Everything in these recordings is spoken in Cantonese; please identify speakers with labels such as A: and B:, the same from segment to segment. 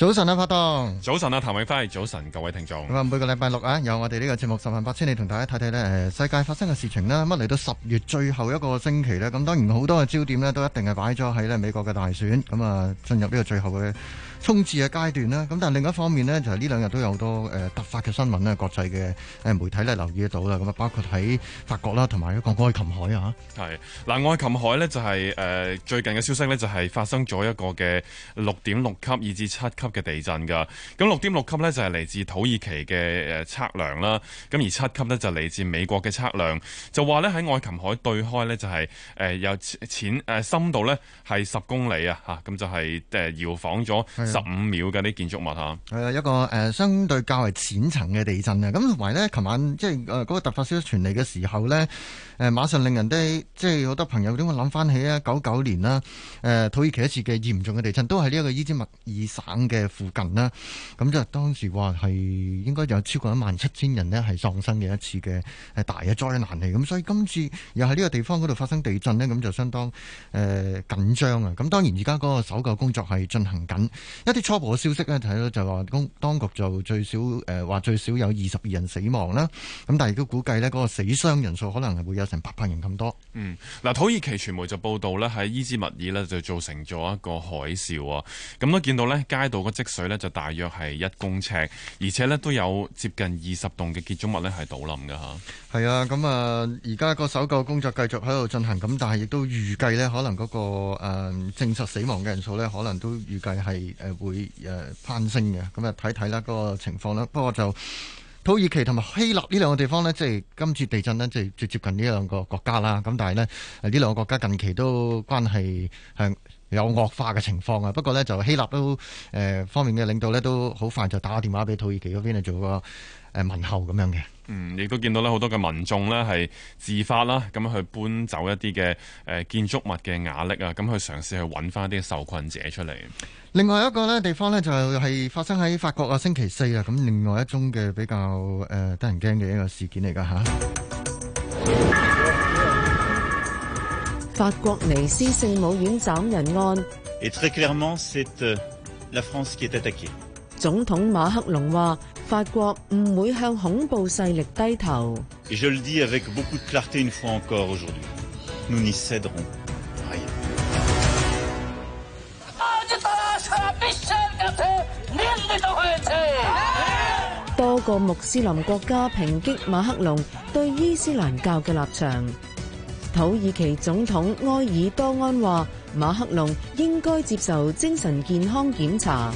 A: 早晨啊，拍檔。
B: 早晨啊，譚詠輝。早晨，各位聽眾。
A: 咁啊，每個禮拜六啊，由我哋呢個節目十萬八千里，同大家睇睇咧，世界發生嘅事情啦。咁嚟到十月最後一個星期咧，咁當然好多嘅焦點咧，都一定係擺咗喺咧美國嘅大選，咁啊，進入呢個最後嘅衝刺嘅階段啦，咁但係另一方面呢，就係、是、呢兩日都有好多誒、呃、突發嘅新聞咧，國際嘅、呃、媒體咧、呃、留意得到啦，咁啊包括喺法國啦，同埋一個愛琴海啊
B: 嚇。嗱、呃，愛琴海呢就係、是呃、最近嘅消息呢，就係、是、發生咗一個嘅六點六級以至七級嘅地震㗎。咁六點六級呢，就係、是、嚟自土耳其嘅誒、呃、測量啦，咁而七級呢，就嚟、是、自美國嘅測量，就話呢，喺愛琴海對開呢，就係、是、誒、呃、有淺誒、呃、深度呢，係十公里啊嚇，咁就係、是、誒、呃、搖晃咗。十五秒嘅啲建築物嚇，係啊、
A: 呃、一個誒相對較為淺層嘅地震啊！咁同埋呢，琴晚即係誒嗰個突發消息傳嚟嘅時候呢，誒、呃、馬上令人哋即係好多朋友都會諗翻起啊九九年啦，誒、呃、土耳其一次嘅嚴重嘅地震都喺呢一個伊茲密爾省嘅附近啦。咁就當時話係應該有超過一萬七千人呢係喪生嘅一次嘅誒大嘅災難嚟。咁所以今次又喺呢個地方嗰度發生地震呢，咁就相當誒、呃、緊張啊！咁當然而家嗰個搜救工作係進行緊。一啲初步嘅消息咧，睇到就話當局就最少誒，話、呃、最少有二十二人死亡啦。咁但係都估計呢個死傷人數可能係會有成百百人咁多。嗯，
B: 嗱、啊，土耳其傳媒就報道呢，喺伊茲密爾呢就造成咗一個海嘯啊。咁都見到呢，街道個積水呢就大約係一公尺，而且呢都有接近二十棟嘅建築物呢係倒冧噶吓。
A: 係啊，咁啊，而家個搜救工作繼續喺度進行，咁但係亦都預計呢，可能嗰、那個誒、呃、證實死亡嘅人數呢，可能都預計係誒。呃會誒攀升嘅，咁啊睇睇啦，嗰、那個情況啦。不過就土耳其同埋希臘呢兩個地方咧，即係今次地震咧，即係最接近呢兩個國家啦。咁但係咧，呢兩個國家近期都關係向，有惡化嘅情況啊！不過呢，就希臘都誒、呃、方面嘅領導呢，都好快就打電話俾土耳其嗰邊嚟做個誒問候咁樣嘅。嗯，
B: 亦都見到呢，好多嘅民眾呢，係自發啦，咁去搬走一啲嘅誒建築物嘅瓦礫啊，咁去嘗試去揾翻啲受困者出嚟。
A: 另外一個呢地方呢，就係、是、發生喺法國啊，星期四啊，咁另外一宗嘅比較誒、呃、得人驚嘅一個事件嚟㗎嚇。啊啊
C: 法國尼斯聖母院斬人
B: 案。
C: 總統馬克龍話：法國唔會向恐怖勢力低頭。多個穆斯林國家抨擊馬克龍對伊斯蘭教嘅立場。土耳其總統埃爾多安話：馬克龍應該接受精神健康檢查。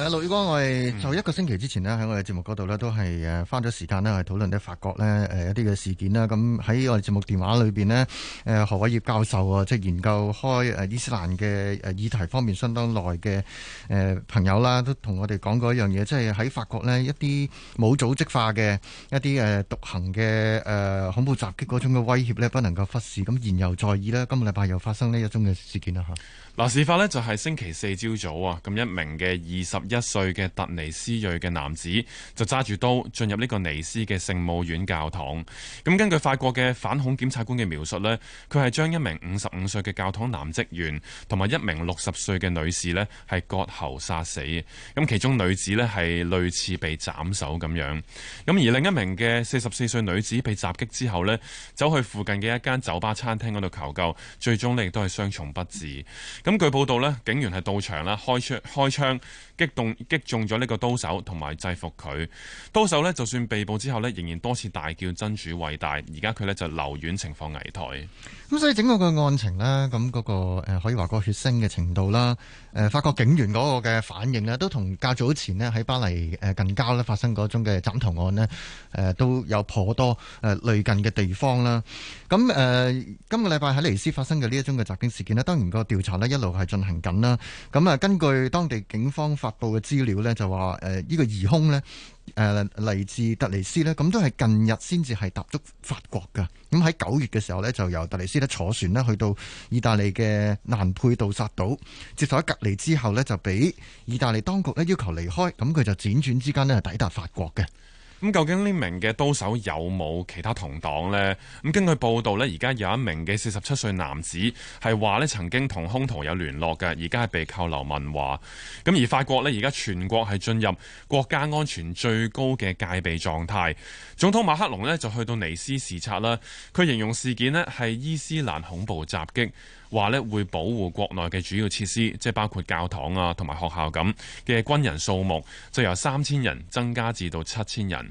A: 啊，陸宇光，我哋就一個星期之前呢，喺我哋節目嗰度呢，都係誒花咗時間呢，係討論啲法國呢誒一啲嘅事件啦。咁喺我哋節目電話裏邊呢，誒何偉業教授啊，即係研究開誒伊斯蘭嘅誒議題方面相當耐嘅誒朋友啦，都同我哋講過一樣嘢，即係喺法國呢一啲冇組織化嘅一啲誒獨行嘅誒恐怖襲擊嗰種嘅威脅呢，不能夠忽視。咁言又在耳啦，今個禮拜又發生呢一宗嘅事件啦嚇。
B: 嗱，事發呢就係星期四朝早啊，咁一名嘅二十一歲嘅特尼斯裔嘅男子就揸住刀進入呢個尼斯嘅聖母院教堂。咁根據法國嘅反恐檢察官嘅描述呢，佢係將一名五十五歲嘅教堂男職員同埋一名六十歲嘅女士呢係割喉殺死。咁其中女子呢係類似被斬首咁樣。咁而另一名嘅四十四歲女子被襲擊之後呢，走去附近嘅一間酒吧餐廳嗰度求救，最終呢亦都係傷重不治。咁據報道呢警員係到場啦，開槍開槍擊中擊中咗呢個刀手，同埋制服佢。刀手呢就算被捕之後呢仍然多次大叫真主偉大。而家佢呢就留院，情況危殆。
A: 咁所以整個個案情呢咁、嗰個誒可以話個血腥嘅程度啦。誒法國警員嗰個嘅反應咧，都同較早前咧喺巴黎誒近郊咧發生嗰種嘅斬頭案咧，誒都有頗多誒類近嘅地方啦。咁誒、呃、今個禮拜喺尼斯發生嘅呢一宗嘅襲警事件咧，當然個調查咧一路係進行緊啦。咁啊，根據當地警方發布嘅資料咧，就話誒呢個疑凶咧，誒，嚟、呃、自突尼斯呢，咁都係近日先至係踏足法國噶。咁喺九月嘅時候呢，就由突尼斯呢坐船呢去到意大利嘅南佩杜薩島，接受咗隔離之後呢，就俾意大利當局呢要求離開，咁佢就輾轉之間係抵達法國嘅。
B: 咁究竟呢名嘅刀手有冇其他同黨呢？咁根據報道呢，而家有一名嘅四十七歲男子係話呢曾經同兇徒有聯絡嘅，而家係被扣留問話。咁而法國呢，而家全國係進入國家安全最高嘅戒備狀態。總統馬克龍呢就去到尼斯視察啦，佢形容事件呢係伊斯蘭恐怖襲擊。話咧會保護國內嘅主要設施，即係包括教堂啊同埋學校咁嘅軍人數目，就由三千人增加至到七千人。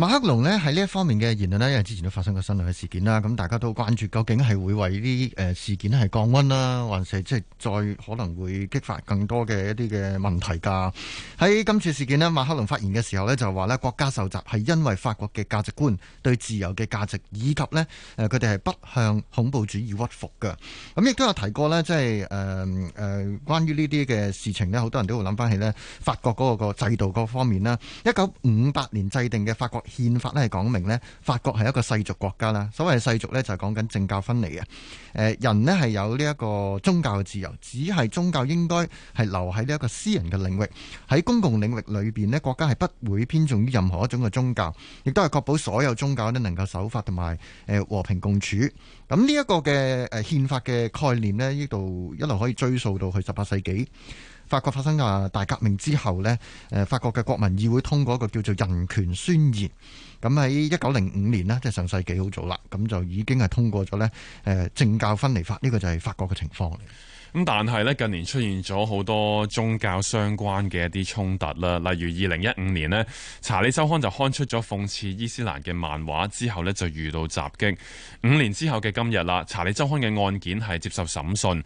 A: 馬克龍呢，喺呢一方面嘅言論呢，因為之前都發生過新類嘅事件啦，咁大家都關注究竟係會為呢啲誒事件係降溫啦，還是即係再可能會激發更多嘅一啲嘅問題噶喺今次事件呢，馬克龍發言嘅時候呢，就話呢國家受襲係因為法國嘅價值觀、對自由嘅價值，以及呢誒佢哋係不向恐怖主義屈服嘅。咁亦都有提過呢，即係誒誒關於呢啲嘅事情呢，好多人都會諗翻起呢法國嗰個個制度嗰方面啦。一九五八年制定嘅法國。憲法咧係講明呢，法國係一個世俗國家啦。所謂的世俗呢，就係講緊政教分離嘅。誒人呢，係有呢一個宗教嘅自由，只係宗教應該係留喺呢一個私人嘅領域。喺公共領域裏邊呢，國家係不會偏重於任何一種嘅宗教，亦都係確保所有宗教呢能夠守法同埋誒和平共處。咁呢一個嘅誒憲法嘅概念呢，呢度一路可以追溯到去十八世紀。法國發生啊大革命之後呢誒法國嘅國民議會通過一個叫做《人權宣言》在，咁喺一九零五年呢即係上世紀好早啦，咁就已經係通過咗呢誒政教分離法呢、呢個就係法國嘅情況嚟。
B: 咁但係咧，近年出現咗好多宗教相關嘅一啲衝突啦，例如二零一五年呢，《查理周刊》就刊出咗諷刺伊斯蘭嘅漫畫之後呢就遇到襲擊。五年之後嘅今日啦，《查理周刊》嘅案件係接受審訊，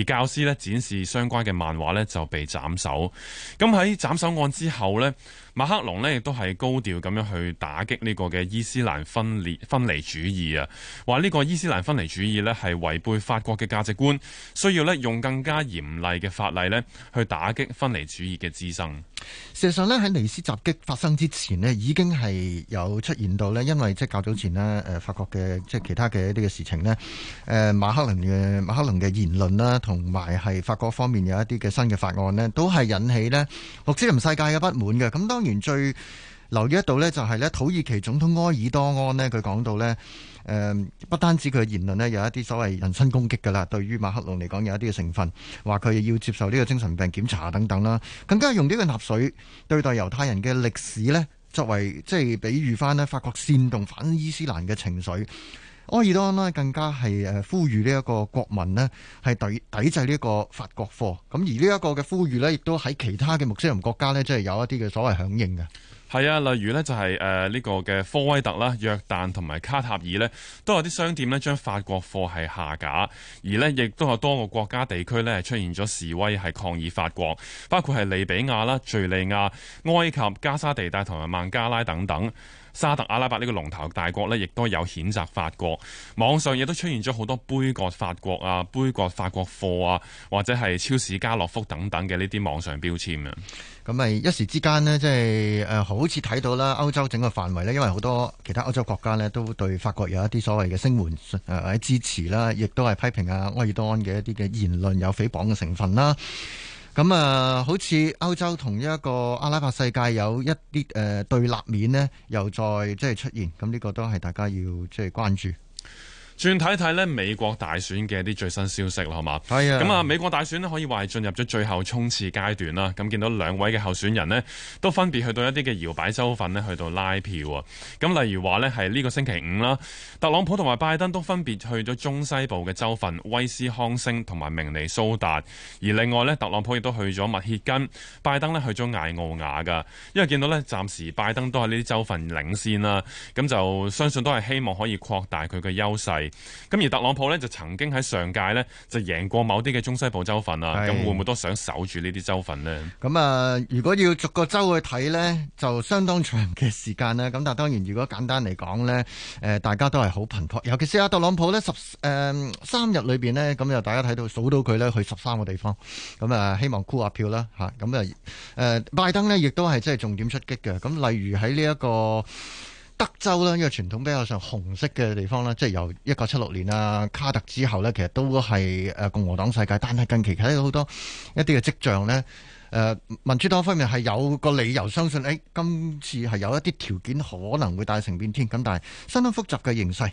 B: 而教師呢展示相關嘅漫畫呢就被斬首。咁喺斬首案之後呢，馬克龍咧亦都係高調咁樣去打擊呢個嘅伊斯蘭分裂分離主義啊，話呢個伊斯蘭分離主義咧係違背法國嘅價值觀，需要咧用更加嚴厲嘅法例咧去打擊分離主義嘅滋生。
A: 事實上咧，喺尼斯襲擊發生之前咧，已經係有出現到咧，因為即係較早前咧，誒，法國嘅即係其他嘅一啲嘅事情咧，誒，馬克龍嘅馬克龍嘅言論啦，同埋係法國方面有一啲嘅新嘅法案呢，都係引起呢穆斯林世界嘅不滿嘅。咁當然最留意到呢，就係呢土耳其總統埃爾多安呢，佢講到呢。誒、嗯、不單止佢嘅言論咧，有一啲所謂人身攻擊嘅啦，對於馬克龍嚟講有一啲嘅成分，話佢要接受呢個精神病檢查等等啦。更加用呢個納粹對待猶太人嘅歷史呢，作為即係比喻翻呢法國煽動反伊斯蘭嘅情緒。埃爾多安呢更加係誒呼籲呢一個國民呢係抵抵制呢個法國貨。咁而這呢一個嘅呼籲呢，亦都喺其他嘅穆斯林國家呢，即係有一啲嘅所謂響應嘅。
B: 係啊，例如呢、就係，就係誒呢個嘅科威特啦、約旦同埋卡塔爾咧，都有啲商店呢將法國貨係下架，而呢亦都有多個國家地區呢出現咗示威係抗議法國，包括係利比亞啦、敍利亞、埃及、加沙地帶同埋孟加拉等等。沙特阿拉伯呢個龍頭大國呢，亦都有譴責法國，網上亦都出現咗好多杯葛法國啊、杯葛法國貨啊，或者係超市家樂福等等嘅呢啲網上標籤啊。
A: 咁咪一時之間呢，即係誒好似睇到啦，歐洲整個範圍呢，因為好多其他歐洲國家呢，都對法國有一啲所謂嘅聲援誒喺、呃、支持啦，亦都係批評阿、啊、埃爾多安嘅一啲嘅言論有誹謗嘅成分啦。咁啊，好似歐洲同一個阿拉伯世界有一啲誒、呃、對立面呢，又再即係出現，咁呢個都係大家要即係關注。
B: 轉睇睇呢美國大選嘅啲最新消息啦，好嘛？係啊、哎呀！咁啊，美國大選呢可以話係進入咗最後衝刺階段啦。咁見到兩位嘅候選人呢，都分別去到一啲嘅搖擺州份呢，去到拉票啊。咁例如話呢，係呢個星期五啦，特朗普同埋拜登都分別去咗中西部嘅州份威斯康星同埋明尼蘇達。而另外呢，特朗普亦都去咗密歇根，拜登呢去咗艾奧瓦噶。因為見到呢，暫時拜登都喺呢啲州份領先啦，咁就相信都係希望可以擴大佢嘅優勢。咁而特朗普呢，就曾經喺上屆呢，就贏過某啲嘅中西部州份啊，咁是會唔會都想守住呢啲州份呢？
A: 咁啊，如果要逐個州去睇呢，就相當長嘅時間啦。咁但係當然，如果簡單嚟講呢，誒，大家都係好頻撲，尤其是阿特朗普呢，十誒三日裏邊呢，咁又大家睇到數到佢呢去十三個地方，咁啊，希望箍下票啦吓。咁啊，誒，拜登呢，亦都係即係重點出擊嘅，咁例如喺呢一個。德州呢，呢個傳統比較上紅色嘅地方呢，即係由一九七六年啊卡特之後呢，其實都係共和黨世界，但係近期睇到好多一啲嘅跡象呢，誒、呃、民主黨方面係有個理由相信，誒、欸、今次係有一啲條件可能會帶成變天，咁但係相當複雜嘅形勢。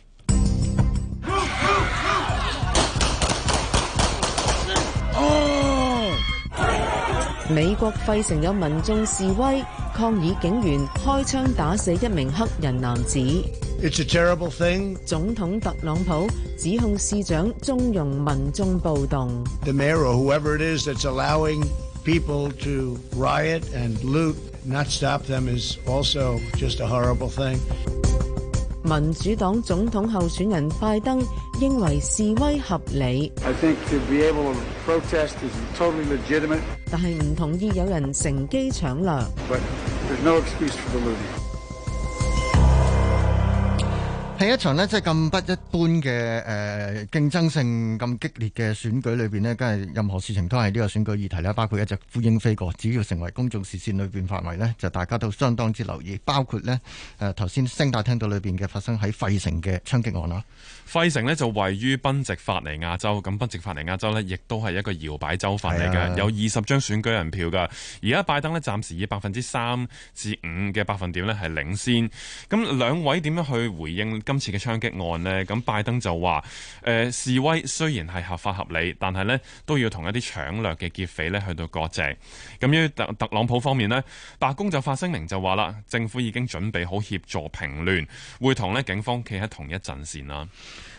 C: 美國費城有民眾示威，抗議警員開槍打死一名黑人男子。It's a terrible thing. 總統特朗普指控市長縱容民眾暴動。
A: The mayor, whoever it is,
C: 民主黨總統候選人拜登認為示威合理
A: ，totally，
C: 但係唔同意有人乘機搶掠。
A: 喺一場呢，即係咁不一般嘅誒、呃、競爭性咁激烈嘅選舉裏邊呢，梗係任何事情都係呢個選舉議題啦，包括一隻烏蠅飛過，只要成為公眾視線裏邊範圍呢，就大家都相當之留意。包括呢誒頭先聲帶聽到裏邊嘅發生喺費城嘅槍擊案啦，
B: 費城呢就位於賓夕法尼亞州，咁賓夕法尼亞州呢亦都係一個搖擺州份嚟嘅，是啊、有二十張選舉人票㗎。而家拜登呢，暫時以百分之三至五嘅百分點呢係領先。咁兩位點樣去回應？今次嘅槍擊案呢，咁拜登就話、呃：示威雖然係合法合理，但係呢都要同一啲搶掠嘅劫匪呢去到割席。咁於特特朗普方面呢，白宮就發聲明就話啦，政府已經準備好協助平亂，會同呢警方企喺同一陣線啦。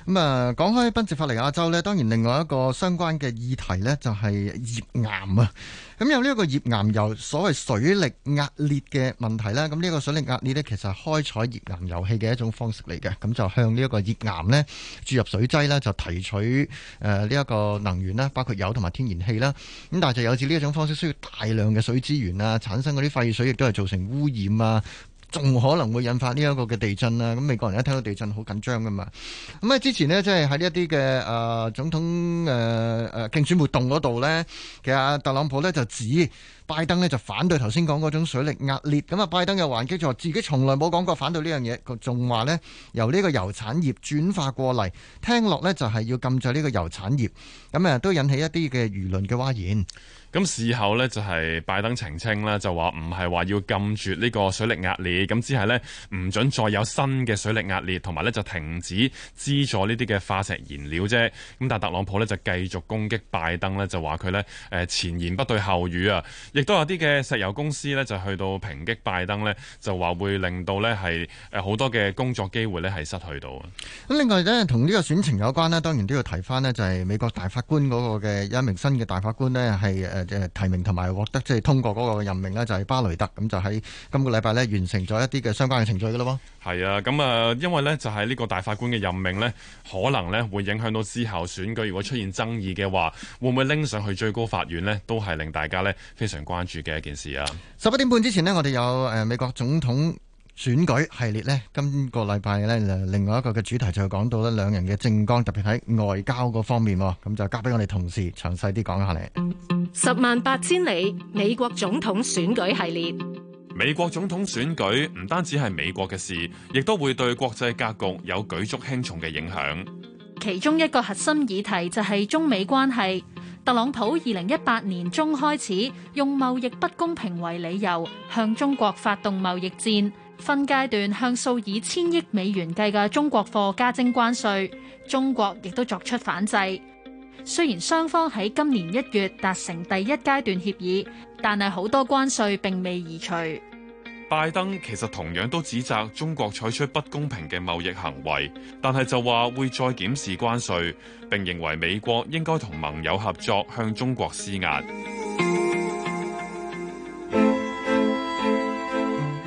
A: 咁啊，講開賓夕法尼亞州呢，當然另外一個相關嘅議題呢，就係頁岩啊。咁有呢一個頁岩油，所謂水力壓裂嘅問題啦。咁呢個水力壓裂呢，其實係開採頁岩油氣嘅一種方式嚟嘅。咁就向呢一個頁岩呢注入水劑啦，就提取誒呢一個能源啦，包括油同埋天然氣啦。咁但係就有似呢一種方式，需要大量嘅水資源啊，產生嗰啲廢水亦都係造成污染啊。仲可能會引發呢一個嘅地震啦。咁美國人一聽到地震好緊張噶嘛，咁啊之前呢，即係喺呢一啲嘅啊總統誒誒、呃、競選活動嗰度呢，其實特朗普呢就指。拜登呢就反對頭先講嗰種水力壓裂，咁啊拜登又還擊咗自己從來冇講過反對呢樣嘢，佢仲話呢，由呢個油產業轉化過嚟，聽落呢就係要禁絕呢個油產業，咁啊都引起一啲嘅輿論嘅嘩然。
B: 咁事後呢，就係拜登澄清啦，就話唔係話要禁絕呢個水力壓裂，咁只係呢，唔准再有新嘅水力壓裂，同埋呢就停止資助呢啲嘅化石燃料啫。咁但特朗普呢，就繼續攻擊拜登呢，就話佢呢，誒前言不對後語啊！亦都有啲嘅石油公司呢，就去到抨擊拜登呢，就話會令到呢係誒好多嘅工作機會呢係失去到。
A: 咁另外呢，同呢個選情有關呢，當然都要提翻呢，就係、是、美國大法官嗰個嘅一名新嘅大法官呢，係誒、呃、提名同埋獲得即係、就是、通過嗰個任命呢，就係、是、巴雷特，咁就喺今個禮拜呢，完成咗一啲嘅相關嘅程序噶咯。
B: 係啊，咁、嗯、啊、呃，因為呢，就係、是、呢個大法官嘅任命呢，可能呢會影響到之後選舉，如果出現爭議嘅話，會唔會拎上去最高法院呢？都係令大家呢非常。關注嘅一件事啊！
A: 十一點半之前咧，我哋有誒、呃、美國總統選舉系列咧，今個禮拜咧，另外一個嘅主題就講到咧，兩人嘅政綱，特別喺外交嗰方面、啊，咁就交俾我哋同事詳細啲講下嚟。
C: 十萬八千里美國總統選舉系列，
B: 美國總統選舉唔單止係美國嘅事，亦都會對國際格局有舉足輕重嘅影響。
C: 其中一個核心議題就係中美關係。特朗普二零一八年中開始用貿易不公平為理由，向中國發動貿易戰，分階段向數以千億美元計嘅中國貨加徵關稅。中國亦都作出反制。雖然雙方喺今年一月達成第一階段協議，但係好多關稅並未移除。
B: 拜登其實同樣都指責中國採取不公平嘅貿易行為，但係就話會再檢視關稅，並認為美國應該同盟友合作，向中國施壓。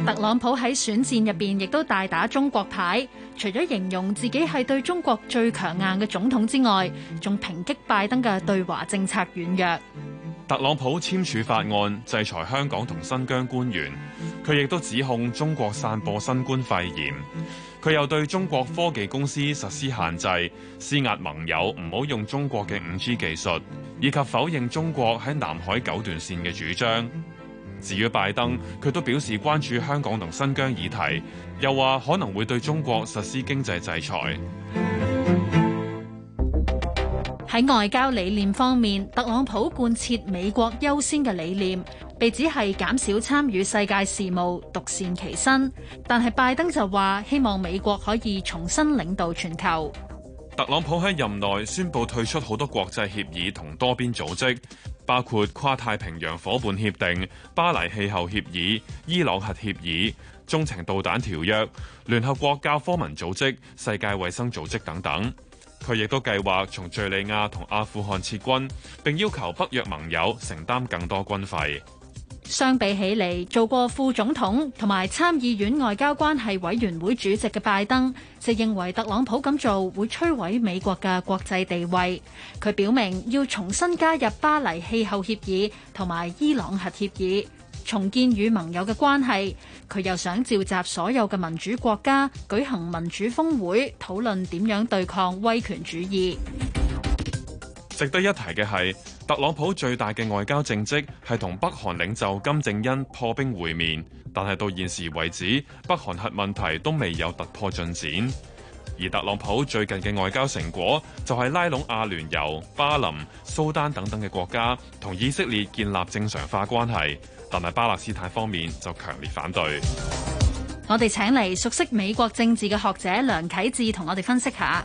C: 特朗普喺選戰入邊亦都大打中國牌，除咗形容自己係對中國最強硬嘅總統之外，仲抨擊拜登嘅對華政策軟弱。
B: 特朗普簽署法案制裁香港同新疆官員，佢亦都指控中國散播新冠肺炎，佢又對中國科技公司實施限制，施壓盟友唔好用中國嘅 5G 技術，以及否認中國喺南海九段線嘅主張。至於拜登，佢都表示關注香港同新疆議題，又話可能會對中國實施經濟制裁。
C: 喺外交理念方面，特朗普貫徹美國優先嘅理念，被指係減少參與世界事務，獨善其身。但係拜登就話希望美國可以重新領導全球。
B: 特朗普喺任內宣布退出好多國際協議同多邊組織，包括跨太平洋夥伴協定、巴黎氣候協議、伊朗核協議、中程導彈條約、聯合國教科文組織、世界衛生組織等等。佢亦都計劃從敘利亞同阿富汗撤軍，並要求北約盟友承擔更多軍費。
C: 相比起嚟，做過副總統同埋參議院外交關係委員會主席嘅拜登，就認為特朗普咁做會摧毀美國嘅國際地位。佢表明要重新加入巴黎氣候協議同埋伊朗核協議。重建與盟友嘅關係，佢又想召集所有嘅民主國家舉行民主峰會，討論點樣對抗威權主義。
B: 值得一提嘅係，特朗普最大嘅外交政績係同北韓領袖金正恩破冰會面，但係到現時為止，北韓核問題都未有突破進展。而特朗普最近嘅外交成果就係拉攏阿聯酋、巴林、蘇丹等等嘅國家，同以色列建立正常化關係，但係巴勒斯坦方面就強烈反對。
C: 我哋請嚟熟悉美國政治嘅學者梁啟智同我哋分析下。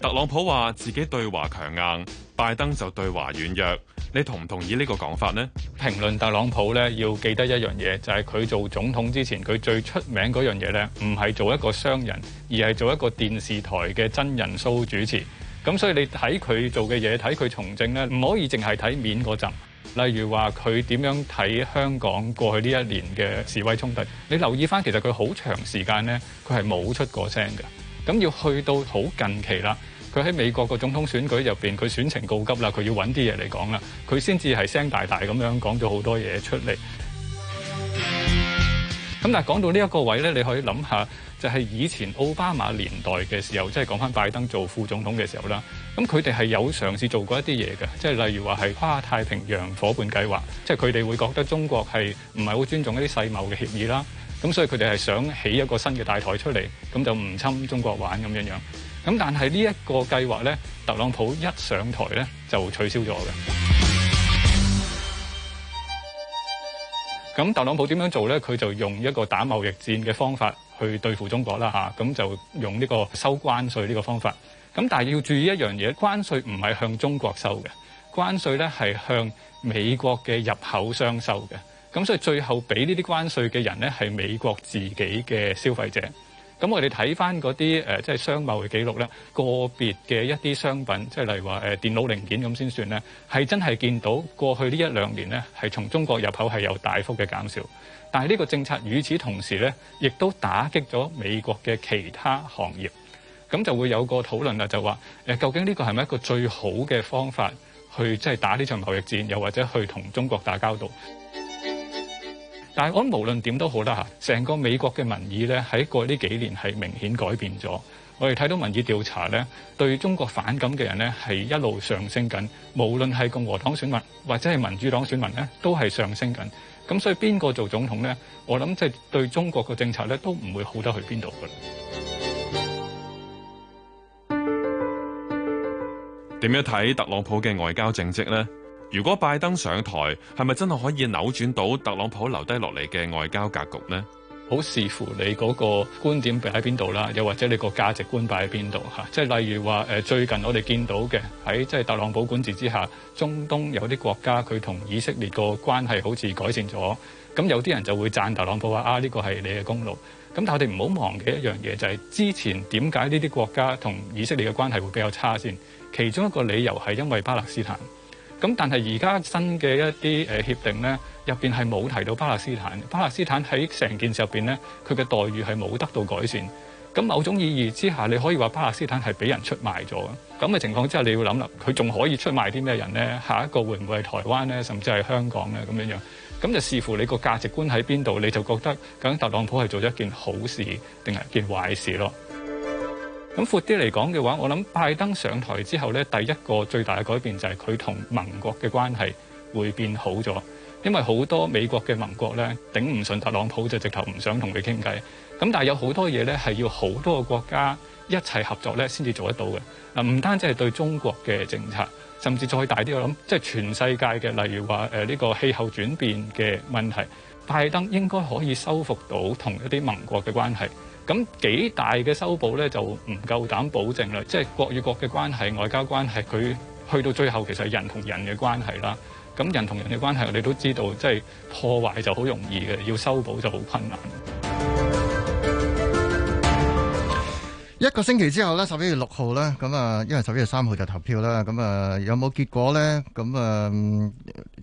B: 特朗普話自己對華強硬，拜登就對華軟弱。你同唔同意呢個講法呢？
D: 評論特朗普呢，要記得一樣嘢，就係佢做總統之前，佢最出名嗰樣嘢呢，唔係做一個商人，而係做一個電視台嘅真人 show 主持。咁所以你睇佢做嘅嘢，睇佢從政呢，唔可以淨係睇面嗰陣。例如話佢點樣睇香港過去呢一年嘅示威衝突，你留意翻，其實佢好長時間呢，佢係冇出過聲㗎。咁要去到好近期啦。佢喺美國個總統選舉入邊，佢選情告急啦，佢要揾啲嘢嚟講啦，佢先至係聲大大咁樣講咗好多嘢出嚟。咁 但係講到呢一個位呢，你可以諗下，就係以前奧巴馬年代嘅時候，即係講翻拜登做副總統嘅時候啦。咁佢哋係有嘗試做過一啲嘢嘅，即係例如話係跨太平洋伙伴計劃，即係佢哋會覺得中國係唔係好尊重一啲世貿嘅協議啦。咁所以佢哋係想起一個新嘅大台出嚟，咁就唔侵中國玩咁樣樣。咁但係呢一個計劃咧，特朗普一上台咧就取消咗嘅。咁特朗普點樣做咧？佢就用一個打貿易戰嘅方法去對付中國啦吓。咁、啊、就用呢個收關稅呢個方法。咁但係要注意一樣嘢，關稅唔係向中國收嘅，關稅咧係向美國嘅入口商收嘅。咁所以最後俾呢啲關稅嘅人咧係美國自己嘅消費者。咁我哋睇翻嗰啲誒，即係商貿嘅記錄咧，個別嘅一啲商品，即係例如話、呃、電腦零件咁先算咧，係真係見到過去呢一兩年咧，係從中國入口係有大幅嘅減少。但係呢個政策與此同時咧，亦都打擊咗美國嘅其他行業。咁就會有個討論啦，就話誒，究竟呢個係咪一個最好嘅方法去即係打呢場貿易戰，又或者去同中國打交道？但係我諗無論點都好啦，吓，成個美國嘅民意咧，喺過去呢幾年係明顯改變咗。我哋睇到民意調查咧，對中國反感嘅人咧，係一路上升緊。無論係共和黨選民或者係民主黨選民咧，都係上升緊。咁所以邊個做總統咧，我諗即係對中國嘅政策咧，都唔會好得去邊度噶
B: 點樣睇特朗普嘅外交政績咧？如果拜登上台，係咪真係可以扭轉到特朗普留低落嚟嘅外交格局呢？好視乎你嗰個
D: 觀點擺喺邊度啦，又或者你個價值觀擺喺邊度吓，即係例如話誒最近我哋見到嘅，喺即係特朗普管治之下，中東有啲國家佢同以色列個關係好似改善咗，咁有啲人就會讚特朗普話啊，呢個係你嘅功勞，咁但係我哋唔好忘記一樣嘢，就係之前點解呢啲國家同以色列嘅關係會比較差先？其中一個理由係因為巴勒斯坦。咁但係而家新嘅一啲誒協定呢，入面係冇提到巴勒斯坦。巴勒斯坦喺成件事入面呢，佢嘅待遇係冇得到改善。咁某種意義之下，你可以話巴勒斯坦係俾人出賣咗。咁嘅情況之下，你要諗諗，佢仲可以出賣啲咩人呢？下一個會唔會係台灣呢？甚至係香港呢？咁樣樣？咁就視乎你個價值觀喺邊度，你就覺得究竟特朗普係做咗一件好事定係一件壞事咯？咁闊啲嚟講嘅話，我諗拜登上台之後呢，第一個最大嘅改變就係佢同盟國嘅關係會變好咗，因為好多美國嘅盟國呢，頂唔順特朗普就直頭唔想同佢傾偈。咁但係有好多嘢呢，係要好多個國家一齊合作呢先至做得到嘅。嗱，唔單止係對中國嘅政策，甚至再大啲我諗，即係全世界嘅，例如話誒呢個氣候轉變嘅問題，拜登應該可以修復到同一啲盟國嘅關係。咁幾大嘅修補咧，就唔夠膽保證啦。即係國與國嘅關係、外交關係，佢去到最後其實係人同人嘅關係啦。咁人同人嘅關係，我哋都知道，即係破壞就好容易嘅，要修補就好困難。
A: 一個星期之後呢，十一月六號呢，咁啊，因為十一月三號就投票啦，咁、嗯、啊，有冇結果呢？咁、嗯、啊，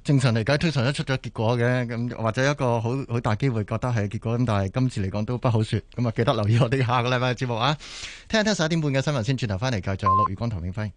A: 正常嚟計，通常都出咗結果嘅，咁、嗯、或者一個好好大機會覺得係結果，咁但係今次嚟講都不好說，咁、嗯、啊，記得留意我哋下個禮拜嘅節目啊，聽一聽十一點半嘅新聞先，轉頭翻嚟繼續，陸月光唐永輝。